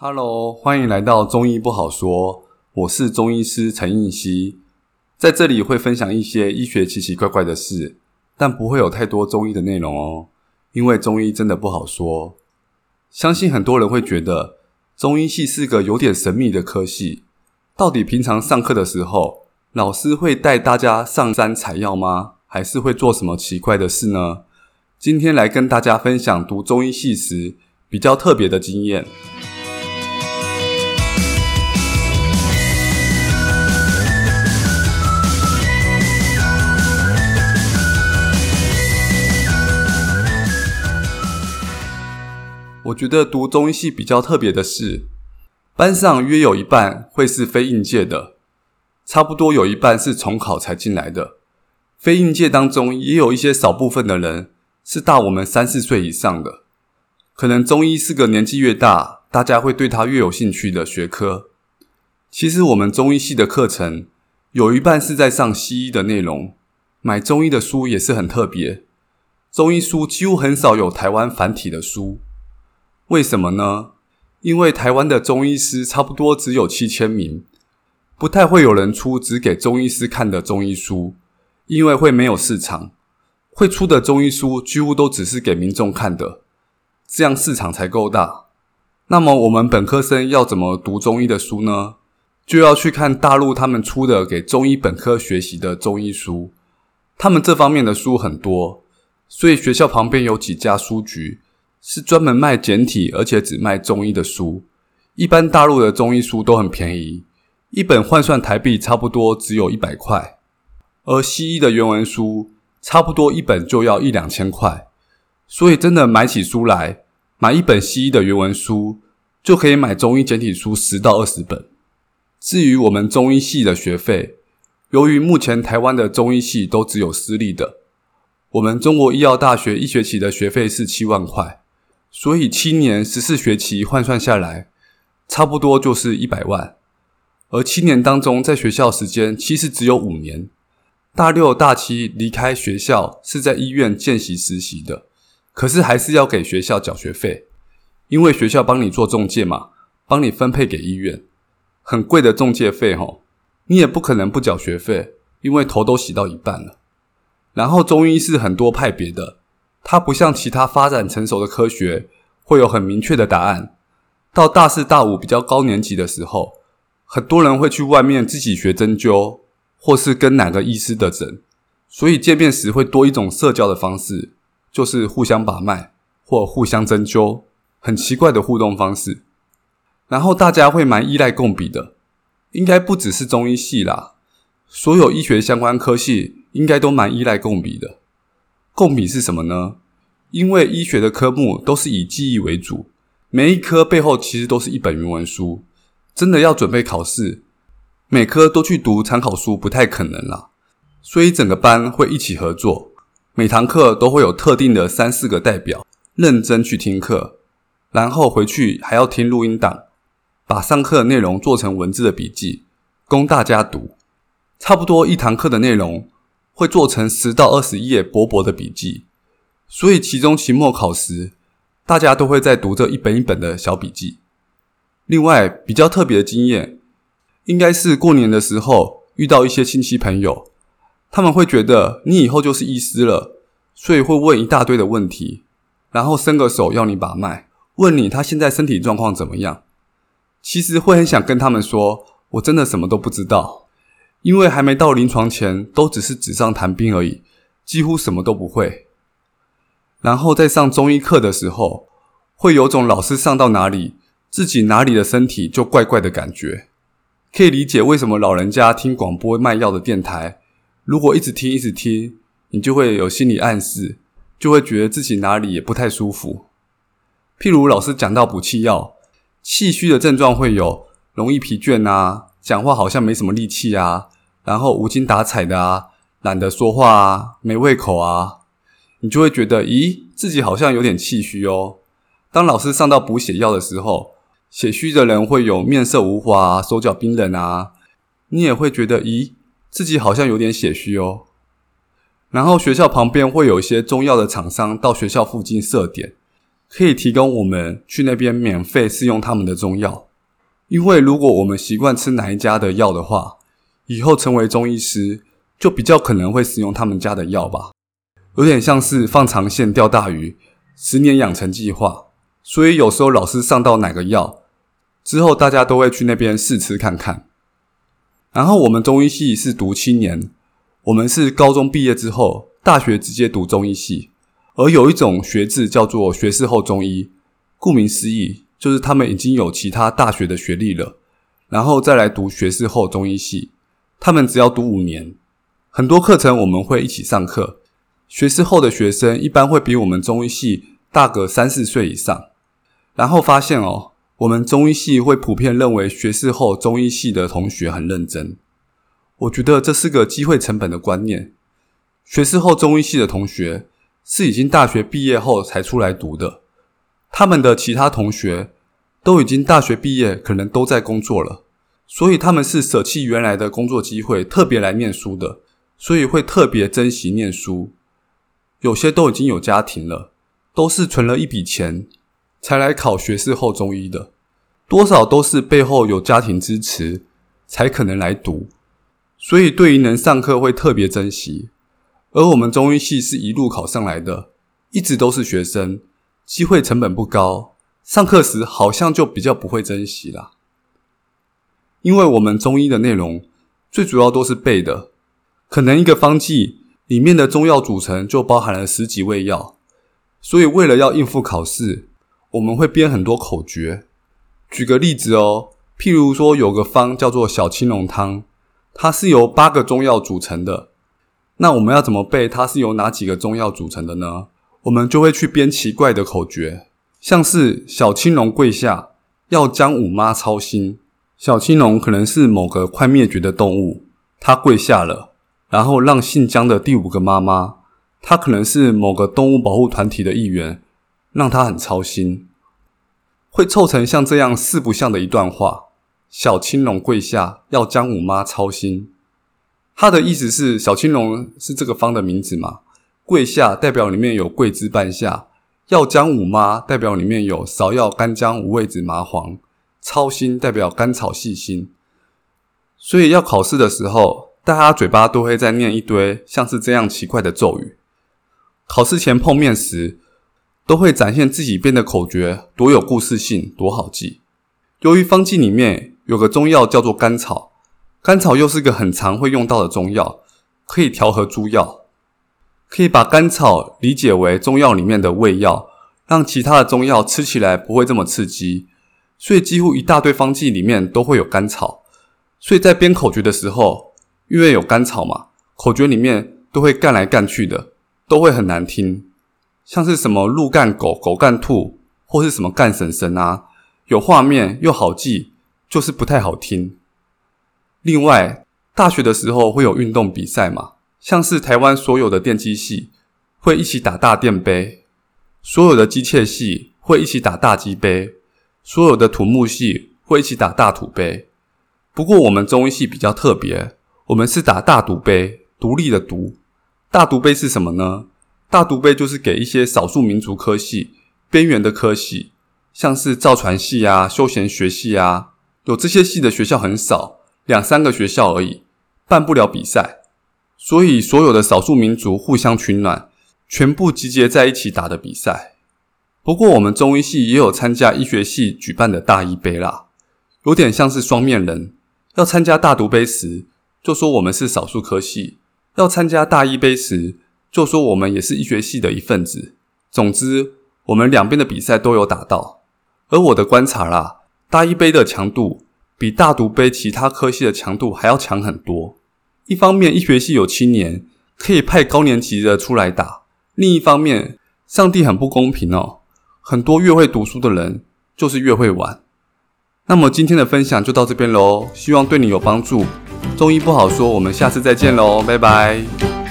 Hello，歡迎來到中醫不好說。我是中醫師陳映希。在這裡會分享一些醫學奇奇怪怪的事，但不會有太多中醫的內容哦，因為中醫真的不好說。相信很多人會覺得中醫系是一個有點神秘的科系。到底平常上課的時候，老師會帶大家上山採藥嗎？還是會做什麼奇怪的事呢？今天來跟大家分享讀中醫系時比較特別的經驗。我覺得讀中醫系比較特別的是，班上約有一半會是非應屆的，差不多有一半是重考才進來的。非應屆當中也有一些少部分的人是大我們三四歲以上的。可能中醫是個年紀越大，大家會對它越有興趣的學科。其實我們中醫系的課程有一半是在上西醫的內容，買中醫的書也是很特別，中醫書幾乎很少有台灣繁體的書。為什麼呢？因為台灣的中醫師差不多只有七千名，不太會有人出只給中醫師看的中醫書，因為會沒有市場。會出的中醫書幾乎都只是給民眾看的，這樣市場才夠大。那麼我們本科生要怎麼讀中醫的書呢？就要去看大陸他們出的給中醫本科學習的中醫書，他們這方面的書很多，所以學校旁邊有幾家書局。是專門賣簡體，而且只賣中醫的書。一般大陸的中醫書都很便宜，一本換算台幣差不多只有一百塊。而西醫的原文書差不多一本就要一兩千塊。所以真的買起書來，買一本西醫的原文書就可以買中醫簡體書十到二十本。至於我們中醫系的學費，由於目前台灣的中醫系都只有私立的，我們中國醫藥大學一學期的學費是七萬塊。所以七年十四學期換算下來，差不多就是一百萬。而七年當中，在學校時間其實只有五年，大六、大七離開學校是在醫院見習實習的，可是還是要給學校繳學費，因為學校幫你做仲介嘛，幫你分配給醫院，很貴的仲介費吼，你也不可能不繳學費，因為頭都洗到一半了。然後中醫是很多派別的。它不像其他發展成熟的科學，會有很明確的答案。到大四、大五比較高年級的時候，很多人會去外面自己學針灸，或是跟哪個醫師的診。所以見面時會多一種社交的方式，就是互相把脈或互相針灸，很奇怪的互動方式。然後大家會蠻依賴共筆的，應該不只是中醫系啦，所有醫學相關科系應該都蠻依賴共筆的。共筆是什麼呢？因為醫學的科目都是以記憶為主，每一科背後其實都是一本原文書，真的要準備考試，每科都去讀參考書不太可能啦，所以整個班會一起合作，每堂課都會有特定的三四個代表認真去聽課，然後回去還要聽錄音檔，把上課內容做成文字的筆記，供大家讀，差不多一堂課的內容。會做成十到二十頁薄薄的筆記，所以期中期末考時，大家都會在讀這一本一本的小筆記。另外，比較特別的經驗，應該是過年的時候遇到一些親戚朋友，他們會覺得你以後就是醫師了，所以會問一大堆的問題，然後伸個手要你把脈，問你他現在身體狀況怎麼樣。其實會很想跟他們說，我真的什麼都不知道。因為還沒到臨床前，都只是紙上談兵而已，幾乎什麼都不會。然後在上中醫課的時候，會有種老師上到哪裡，自己哪裡的身體就怪怪的感覺。可以理解為什麼老人家聽廣播賣藥的電臺，如果一直聽一直聽，你就會有心理暗示，就會覺得自己哪裡也不太舒服。譬如老師講到補氣藥，氣虛的症狀會有容易疲倦啊。講話好像沒什麼力氣啊，然後無精打采的啊，懶得說話啊，沒胃口啊，你就會覺得，咦，自己好像有點氣虛哦。當老師上到補血藥的時候，血虛的人會有面色無華啊、手腳冰冷啊，你也會覺得，咦，自己好像有點血虛哦。然後學校旁邊會有一些中藥的廠商到學校附近設點，可以提供我們去那邊免費試用他們的中藥。因為如果我們習慣吃哪一家的藥的話，以後成為中醫師就比較可能會使用他們家的藥吧，有點像是放長線釣大魚，十年養成計劃。所以有時候老師上到哪個藥，之後大家都會去那邊試吃看看。然後我們中醫系是讀七年，我們是高中畢業之後大學直接讀中醫系，而有一種學制叫做學士後中醫，顧名思義。就是他們已經有其他大學的學歷了，然後再來讀學士後中醫系。他們只要讀五年，很多課程我們會一起上課。學士後的學生一般會比我們中醫系大個三四歲以上。然後發現哦，我們中醫系會普遍認為學士後中醫系的同學很認真。我覺得這是個機會成本的觀念。學士後中醫系的同學是已經大學畢業後才出來讀的。他們的其他同學都已經大學畢業，可能都在工作了，所以他們是捨棄原來的工作機會，特別來念書的，所以會特別珍惜念書。有些都已經有家庭了，都是存了一筆錢才來考學士後中醫的，多少都是背後有家庭支持才可能來讀，所以對於能上課會特別珍惜。而我們中醫系是一路考上來的，一直都是學生。機會成本不高，上課時好像就比較不會珍惜啦。因為我們中醫的內容最主要都是背的，可能一個方劑裡面的中藥組成就包含了十幾味藥，所以為了要應付考試，我們會編很多口訣。舉個例子哦，譬如說有個方叫做小青龍湯，它是由八個中藥組成的，那我們要怎麼背它是由哪幾個中藥組成的呢？我們就會去編奇怪的口訣，像是“小青龍跪下，要將五媽操心”。小青龍可能是某個快滅絕的動物，它跪下了，然後讓姓江的第五個媽媽，她可能是某個動物保護團體的一員，讓她很操心，會湊成像這樣四不像的一段話：“小青龍跪下，要將五媽操心。”他的意思是，小青龍是這個方的名字嗎？桂夏代表裡面有桂枝、半夏，芍薑五麻，代表裡面有芍藥、乾薑、五味子、麻黃，草辛代表甘草、細辛。所以要考試的時候，大家嘴巴都會在念一堆像是這樣奇怪的咒語。考試前碰面時，都會展現自己編的口訣多有故事性，多好記。由於方劑裡面有個中藥叫做甘草，甘草又是個很常會用到的中藥，可以調和諸藥。可以把甘草理解為中藥裡面的胃藥，讓其他的中藥吃起來不會這麼刺激，所以幾乎一大堆方劑裡面都會有甘草。所以在編口訣的時候，因為有甘草嘛，口訣裡面都會幹來幹去的，都會很難聽，像是什麼鹿幹狗，狗幹兔，或是什麼幹嬸嬸啊，有畫面又好記，就是不太好聽。另外，大學的時候會有運動比賽嘛。像是台灣所有的電機系會一起打大電杯，所有的機械系會一起打大機杯，所有的土木系會一起打大土杯。不過我們中醫系比較特別，我們是打大獨杯，獨立的獨。大獨杯是什麼呢？大獨杯就是給一些少數民族科系、邊緣的科系，像是造船系啊、休閒學系啊，有這些系的學校很少，兩三個學校而已，辦不了比賽。所以，所有的少數民族互相取暖，全部集結在一起打的比賽。不過，我們中醫系也有參加醫學系舉辦的大醫杯啦，有點像是雙面人。要參加大獨杯時，就說我們是少數科系；要參加大醫杯時，就說我們也是醫學系的一份子。總之，我們兩邊的比賽都有打到。而我的觀察啦，大醫杯的強度比大獨杯其他科系的強度還要強很多。一方面醫學系有七年可以派高年級的出來打；另一方面，上帝很不公平哦，很多越會讀書的人就是越會玩。那麼今天的分享就到這邊嘍，希望對你有幫助。中醫不好說，我們下次再見嘍，拜拜。